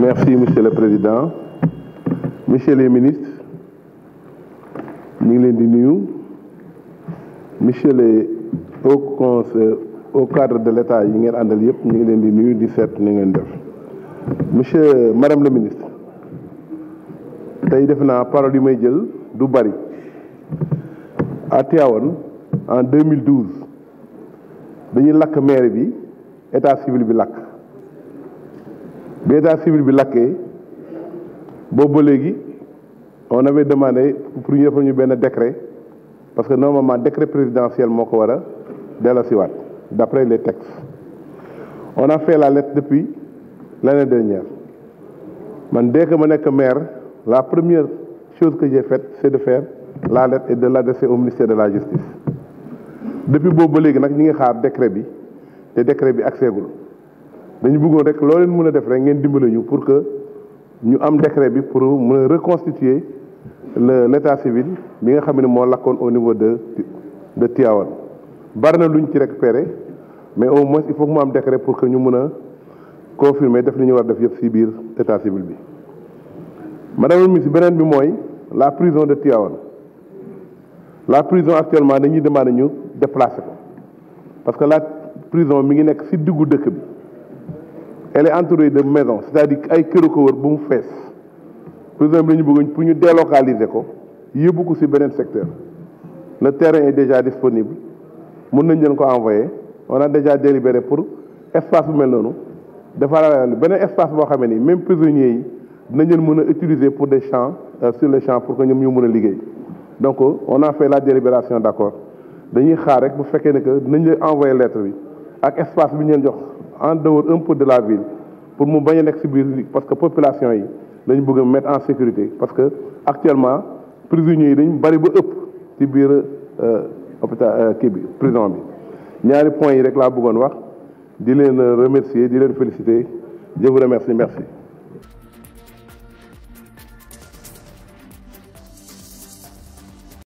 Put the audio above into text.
Merci, Monsieur le Président. Monsieur le ministre, nous les Monsieur le Haut Conseil au cadre de l'État yi ngeen àndal yëpp di nuyu monsieur madame le ministre tey def naa parole yu may jël du bari à Tivaouane en 2012 dañuy lakk maire bi état civil bi lakk les civil bi laké on avait demandé pour le premier ñu décret parce que normalement décret présidentiel moko wara war wat d'après les textes on a fait la lettre depuis l'année dernière man dès que ma suis maire la première chose que j'ai faite c'est de faire la lettre et de l'adresser au ministère de la justice depuis boobu on a fait la ngi xaar décret bi té décret bi dañu bëggoon rek loo leen mën a def rek ngeen dimbali ñu pour que ñu am décret bi pour mën a reconstituer le l' état civil bi nga xam ne moo lakkoon au niveau de de Tivaouane bari na luñ ci récupéré mais au moins il faut que mu am décret pour que ñu mën a confirmer def li ñu war def yëpp si biir état civil bi. madame la ministre beneen bi mooy la prison de Tivaouane la prison actuellement dañuy demandé ñu déplacer ko parce que la prison mi ngi nekk si diggu dëkk bi elle est entourée de maisons c'est-à-dire ay këru ko bu mu fess. par exemple ñu bëgg pour ñu délocaliser ko yóbbu ko ci benen secteur le terrain est déjà disponible mën nañ leen ko envoyer on a déjà délibéré pour espace bu mel noonu dafa benen espace bo xamé ni même prisonniers yi nañ leen utiliser pour des champs euh, sur les champs pour que ñom ñu nous a donc on a fait la délibération d'accord dañuy xaar rek bu fekkee ne que nañ leen envoyer lettre bi ak espace bi ñu jox en dehors un peu de la ville pour mu bañ a parce que la population yi dañu bëgg mettre en sécurité parce que actuellement prisonniers yi dañu bari ba ci biir euh, hôpital euh, kii bi prison bi ñaari points yi rek la bëggoon wax di remercier di leen féliciter je vous remercie merci